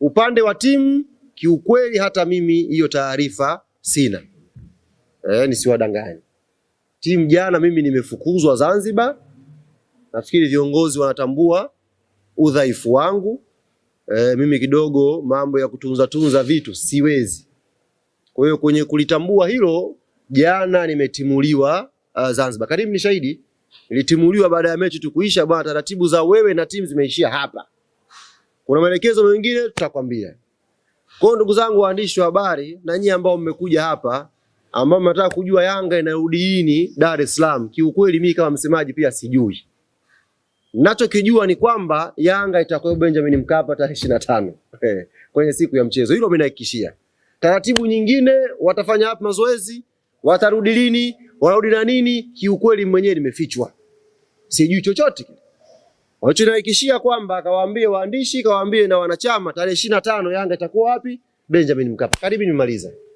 Upande wa timu kiukweli, hata mimi hiyo taarifa sina e, nisiwadanganye. Timu jana mimi nimefukuzwa Zanzibar, nafikiri viongozi wanatambua udhaifu wangu e, mimi kidogo mambo ya kutunza tunza vitu siwezi. Kwa hiyo kwenye kulitambua hilo, jana nimetimuliwa uh, Zanzibar. Karimu ni shahidi, nilitimuliwa baada ya mechi tu kuisha, bwana, taratibu za wewe na timu zimeishia hapa. Kuna maelekezo mengine tutakwambia. Kwa ndugu zangu waandishi wa habari na nyinyi ambao mmekuja hapa ambao mnataka kujua Yanga inarudi lini Dar es Salaam, kiukweli mimi kama msemaji pia sijui. Ninachokijua ni kwamba Yanga itakuwa Benjamin Mkapa tarehe 25 eh, kwenye siku ya mchezo, hilo mnahakikishia. Taratibu nyingine watafanya hapa mazoezi, watarudi lini, warudi na nini, kiukweli mwenyewe nimefichwa, sijui chochote. kile. Walichonaikishia kwamba akawaambie waandishi, kawaambie na wanachama tarehe 25 Yanga itakuwa wapi? Benjamin Mkapa. Karibu nimalize.